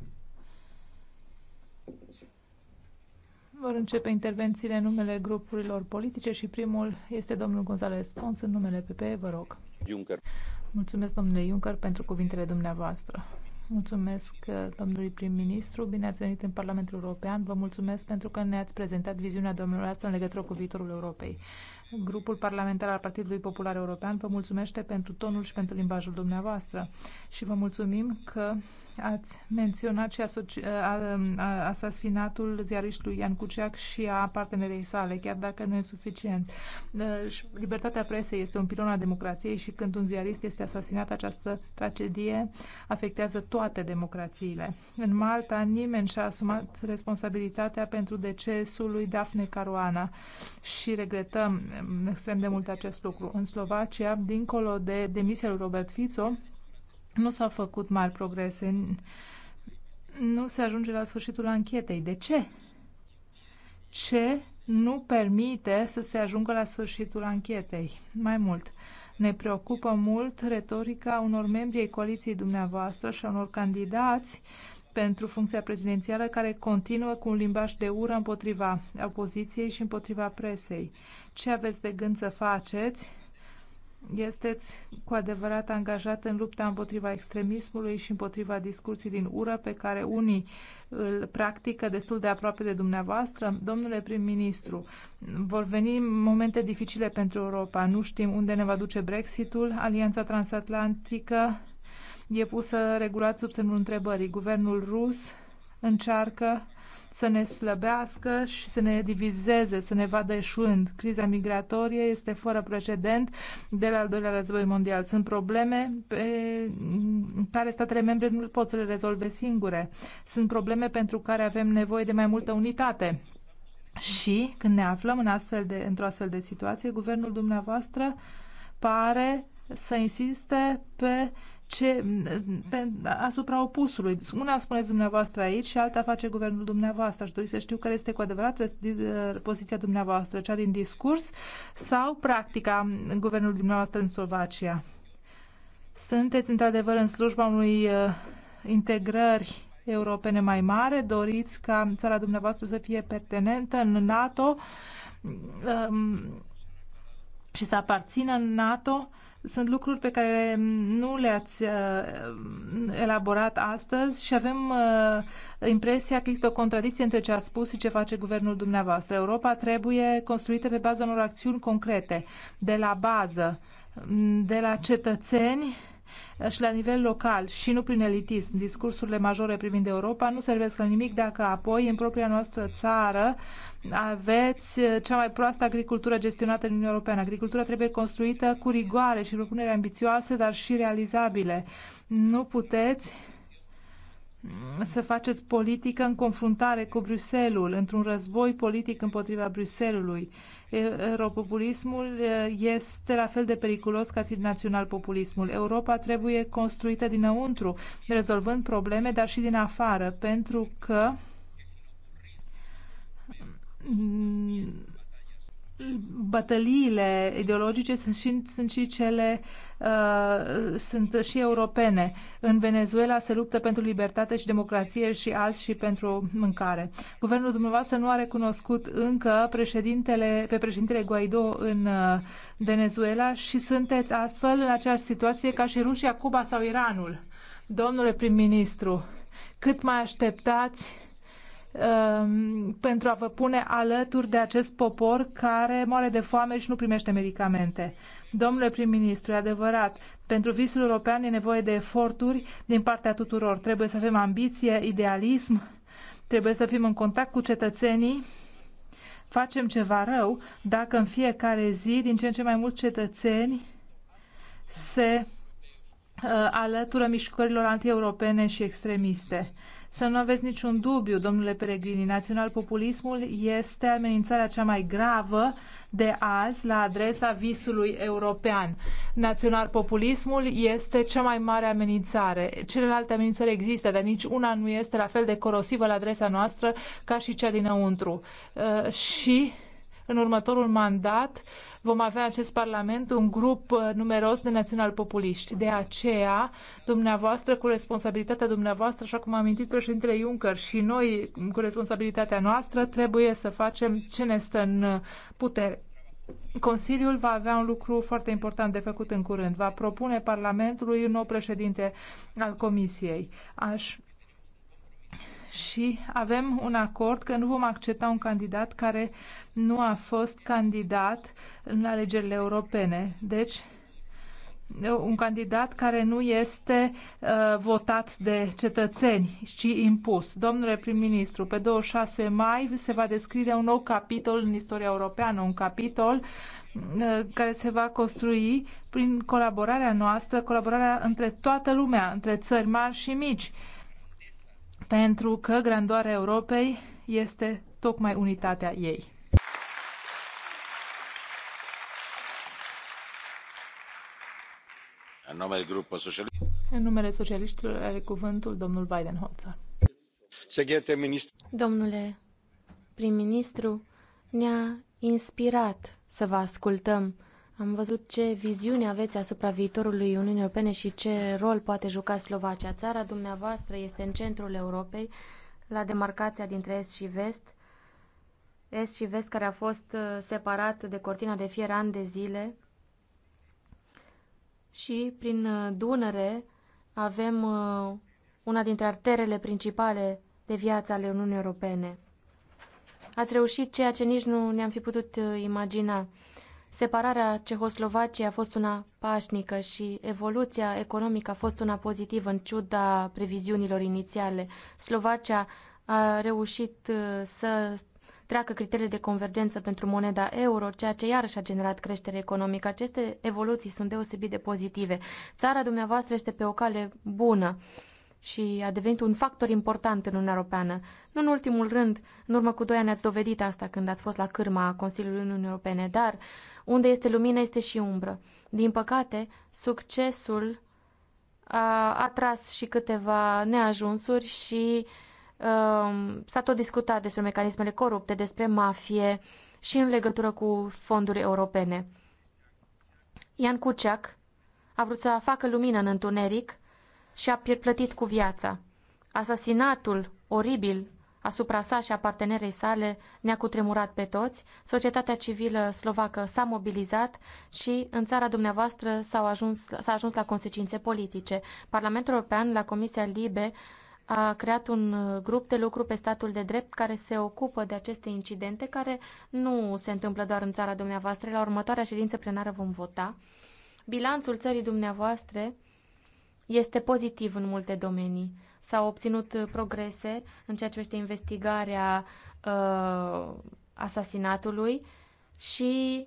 vor începe intervențiile în numele grupurilor politice și primul este domnul González Pons în numele PPE, vă rog. Juncker. Mulțumesc, domnule Juncker, pentru cuvintele dumneavoastră. Mulțumesc, uh, domnului prim-ministru. Bine ați venit în Parlamentul European. Vă mulțumesc pentru că ne-ați prezentat viziunea dumneavoastră în legătură cu viitorul Europei. Grupul parlamentar al Partidului Popular European vă mulțumește pentru tonul și pentru limbajul dumneavoastră și vă mulțumim că ați menționat și asasinatul ziaristului Ian Cuceac și a partenerei sale, chiar dacă nu e suficient. Libertatea presei este un pilon al democrației și când un ziarist este asasinat, această tragedie afectează toate democrațiile. În Malta, nimeni și-a asumat responsabilitatea pentru decesul lui Daphne Caruana și regretăm extrem de mult acest lucru. În Slovacia, dincolo de demisia lui Robert Fico, nu s-au făcut mari progrese. Nu se ajunge la sfârșitul anchetei. De ce? Ce nu permite să se ajungă la sfârșitul anchetei? Mai mult, ne preocupă mult retorica unor membri ai coaliției dumneavoastră și a unor candidați pentru funcția prezidențială care continuă cu un limbaj de ură împotriva opoziției și împotriva presei. Ce aveți de gând să faceți? Esteți cu adevărat angajat în lupta împotriva extremismului și împotriva discursii din ură pe care unii îl practică destul de aproape de dumneavoastră? Domnule prim-ministru, vor veni momente dificile pentru Europa. Nu știm unde ne va duce Brexitul, Alianța Transatlantică e pusă regulat sub semnul întrebării. Guvernul rus încearcă să ne slăbească și să ne divizeze, să ne vadă eșuând. Criza migratorie este fără precedent de la al doilea război mondial. Sunt probleme pe care statele membre nu pot să le rezolve singure. Sunt probleme pentru care avem nevoie de mai multă unitate. Și când ne aflăm în astfel de, într-o astfel de situație, guvernul dumneavoastră pare să insiste pe ce, pe, asupra opusului. Una spuneți dumneavoastră aici și alta face guvernul dumneavoastră. Aș dori să știu care este cu adevărat poziția dumneavoastră, cea din discurs sau practica guvernului dumneavoastră în Slovacia. Sunteți într-adevăr în slujba unui uh, integrări europene mai mare? Doriți ca țara dumneavoastră să fie pertenentă în NATO um, și să aparțină în NATO? Uh, sunt lucruri pe care nu le-ați uh, elaborat astăzi și avem uh, impresia că există o contradicție între ce a spus și ce face guvernul dumneavoastră. Europa trebuie construită pe baza unor acțiuni concrete, de la bază, de la cetățeni și la nivel local și nu prin elitism. Discursurile majore privind Europa nu servesc la nimic dacă apoi în propria noastră țară aveți eh, cea mai proastă agricultură gestionată în Uniunea Europeană. Agricultura trebuie construită cu rigoare și propunere ambițioase, dar și realizabile. Nu puteți să faceți politică în confruntare cu Bruselul, într-un război politic împotriva Bruselului. Europopulismul este la fel de periculos ca și național-populismul. Europa trebuie construită dinăuntru, rezolvând probleme, dar și din afară, pentru că bătăliile ideologice sunt și, sunt și cele uh, sunt și europene. În Venezuela se luptă pentru libertate și democrație și azi și pentru mâncare. Guvernul dumneavoastră nu a recunoscut încă președintele, pe președintele Guaido în uh, Venezuela și sunteți astfel în aceeași situație ca și Rusia, Cuba sau Iranul. Domnule prim-ministru, cât mai așteptați Um, pentru a vă pune alături de acest popor care moare de foame și nu primește medicamente. Domnule prim-ministru, e adevărat, pentru visul european e nevoie de eforturi din partea tuturor. Trebuie să avem ambiție, idealism, trebuie să fim în contact cu cetățenii. Facem ceva rău dacă în fiecare zi din ce în ce mai mulți cetățeni se uh, alătură mișcărilor antieuropene și extremiste. Să nu aveți niciun dubiu, domnule Peregrini, național-populismul este amenințarea cea mai gravă de azi la adresa visului european. Național-populismul este cea mai mare amenințare. Celelalte amenințări există, dar nici una nu este la fel de corosivă la adresa noastră ca și cea dinăuntru. Uh, și în următorul mandat vom avea acest Parlament un grup uh, numeros de național-populiști. De aceea, dumneavoastră, cu responsabilitatea dumneavoastră, așa cum a amintit președintele Juncker și noi, cu responsabilitatea noastră, trebuie să facem ce ne stă în putere. Consiliul va avea un lucru foarte important de făcut în curând. Va propune Parlamentului un nou președinte al Comisiei. Aș și avem un acord că nu vom accepta un candidat care nu a fost candidat în alegerile europene. Deci, un candidat care nu este uh, votat de cetățeni, ci impus. Domnule prim-ministru, pe 26 mai se va descrie un nou capitol în istoria europeană, un capitol uh, care se va construi prin colaborarea noastră, colaborarea între toată lumea, între țări mari și mici. Uh, pentru că grandoarea Europei este tocmai unitatea ei. În numele grupului socialist. În numele socialiștilor are cuvântul domnul Weidenholzer. Domnule prim-ministru, ne-a inspirat să vă ascultăm am văzut ce viziune aveți asupra viitorului Uniunii Europene și ce rol poate juca Slovacia. Țara dumneavoastră este în centrul Europei, la demarcația dintre Est și Vest, Est și Vest care a fost uh, separat de cortina de fier ani de zile și prin uh, Dunăre avem uh, una dintre arterele principale de viață ale Uniunii Europene. Ați reușit ceea ce nici nu ne-am fi putut imagina Separarea Cehoslovaciei a fost una pașnică și evoluția economică a fost una pozitivă în ciuda previziunilor inițiale. Slovacia a reușit uh, să treacă criteriile de convergență pentru moneda euro, ceea ce iarăși a generat creștere economică. Aceste evoluții sunt deosebit de pozitive. Țara dumneavoastră este pe o cale bună și a devenit un factor important în Uniunea Europeană. Nu în ultimul rând, în urmă cu doi ani ați dovedit asta când ați fost la cârma Consiliului Uniunii Europene, dar unde este lumină este și umbră. Din păcate, succesul a atras și câteva neajunsuri și um, s-a tot discutat despre mecanismele corupte, despre mafie și în legătură cu fonduri europene. Ian Cuceac a vrut să facă lumină în întuneric și a pierplătit cu viața. Asasinatul oribil asupra sa și a partenerei sale ne-a cutremurat pe toți, societatea civilă slovacă s-a mobilizat și în țara dumneavoastră s-a ajuns, ajuns la consecințe politice. Parlamentul European, la Comisia Libe, a creat un grup de lucru pe statul de drept care se ocupă de aceste incidente, care nu se întâmplă doar în țara dumneavoastră. La următoarea ședință plenară vom vota. Bilanțul țării dumneavoastră este pozitiv în multe domenii. S-au obținut progrese în ceea ce este investigarea uh, asasinatului și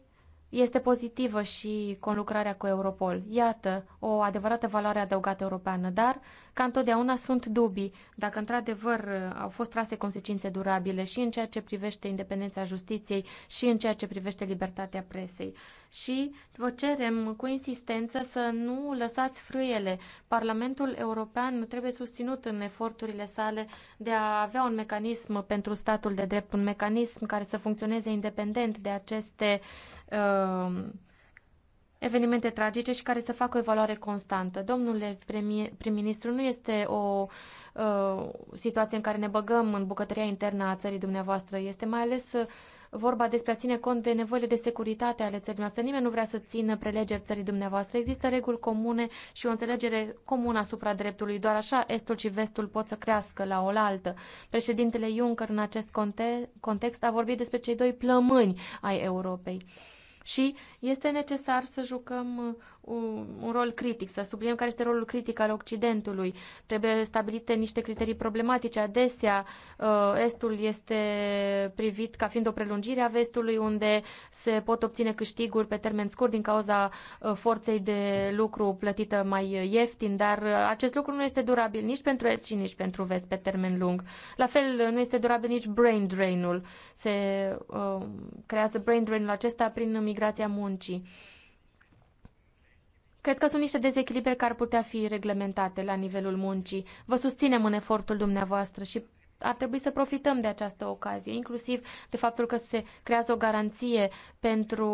este pozitivă și conlucrarea cu Europol. Iată, o adevărată valoare adăugată europeană, dar, ca întotdeauna, sunt dubii dacă într-adevăr au fost trase consecințe durabile și în ceea ce privește independența justiției și în ceea ce privește libertatea presei. Și vă cerem cu insistență să nu lăsați frâiele. Parlamentul European trebuie susținut în eforturile sale de a avea un mecanism pentru statul de drept, un mecanism care să funcționeze independent de aceste Um, evenimente tragice și care să facă o evaluare constantă. Domnule prim-ministru, nu este o uh, situație în care ne băgăm în bucătăria internă a țării dumneavoastră. Este mai ales uh, vorba despre a ține cont de nevoile de securitate ale țării noastre. Nimeni nu vrea să țină prelegeri țării dumneavoastră. Există reguli comune și o înțelegere comună asupra dreptului. Doar așa estul și vestul pot să crească la oaltă. Președintele Juncker în acest context a vorbit despre cei doi plămâni ai Europei și este necesar să jucăm un rol critic, să subliniem care este rolul critic al Occidentului. Trebuie stabilite niște criterii problematice. Adesea, uh, Estul este privit ca fiind o prelungire a Vestului, unde se pot obține câștiguri pe termen scurt din cauza uh, forței de lucru plătită mai ieftin, dar uh, acest lucru nu este durabil nici pentru Est și nici pentru Vest pe termen lung. La fel, nu este durabil nici brain drain-ul. Se uh, creează brain drain-ul acesta prin migrația muncii. Uh, Cred că sunt niște dezechilibre care ar putea fi reglementate la nivelul muncii. Vă susținem în efortul dumneavoastră și ar trebui să profităm de această ocazie, inclusiv de faptul că se creează o garanție pentru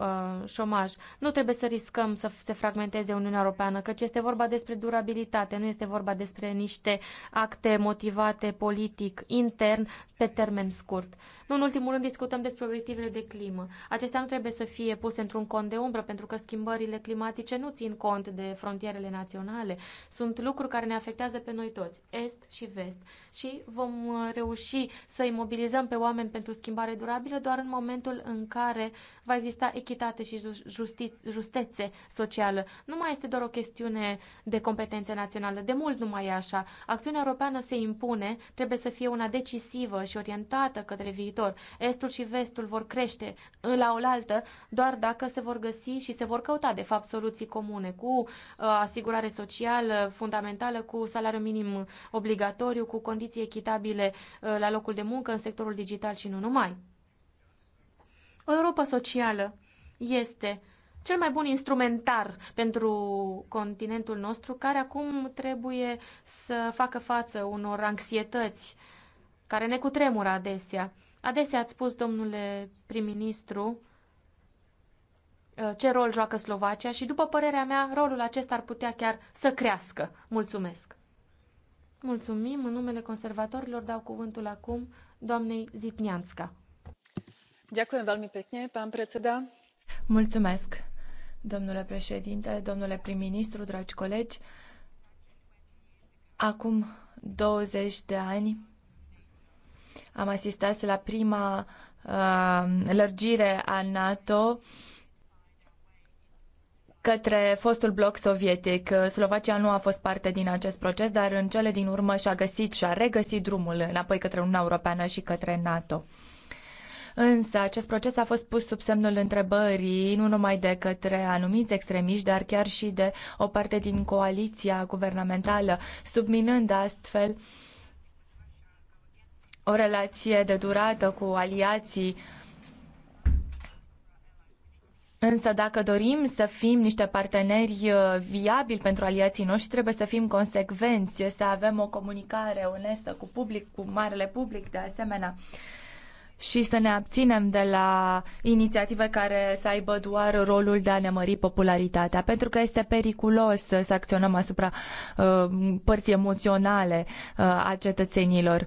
uh, șomaj. Nu trebuie să riscăm să se fragmenteze Uniunea Europeană, căci este vorba despre durabilitate, nu este vorba despre niște acte motivate politic intern pe termen scurt. Nu în ultimul rând discutăm despre obiectivele de climă. Acestea nu trebuie să fie puse într-un cont de umbră, pentru că schimbările climatice nu țin cont de frontierele naționale. Sunt lucruri care ne afectează pe noi toți, est și vest. Și vom uh, reuși să imobilizăm pe oameni pentru schimbare durabilă doar în momentul în care va exista echitate și justi- justețe socială. Nu mai este doar o chestiune de competență națională. De mult nu mai e așa. Acțiunea europeană se impune, trebuie să fie una decisivă și orientată către viitor viitor. Estul și vestul vor crește la oaltă doar dacă se vor găsi și se vor căuta, de fapt, soluții comune cu uh, asigurare socială fundamentală, cu salariu minim obligatoriu, cu condiții echitabile uh, la locul de muncă în sectorul digital și nu numai. O Europa socială este cel mai bun instrumentar pentru continentul nostru, care acum trebuie să facă față unor anxietăți care ne cutremură adesea. Adesea ați spus, domnule prim-ministru, uh, ce rol joacă Slovacia și, după părerea mea, rolul acesta ar putea chiar să crească. Mulțumesc! Mulțumim. În numele conservatorilor dau cuvântul acum doamnei Zitnianska. Mulțumesc, domnule președinte, domnule prim-ministru, dragi colegi. Acum 20 de ani, am asistat la prima uh, lărgire a NATO către fostul bloc sovietic. Slovacia nu a fost parte din acest proces, dar în cele din urmă și-a găsit și-a regăsit drumul înapoi către Uniunea Europeană și către NATO. Însă acest proces a fost pus sub semnul întrebării nu numai de către anumiți extremiști, dar chiar și de o parte din coaliția guvernamentală, subminând astfel uh, o relație de durată cu aliații. Însă dacă dorim să fim niște parteneri uh, viabili pentru aliații noștri, trebuie să fim consecvenți, să avem o comunicare onestă cu public, cu marele public de asemenea și să ne abținem de la inițiative care să aibă doar rolul de a ne mări popularitatea, pentru că este periculos să acționăm asupra uh, părții emoționale uh, a cetățenilor.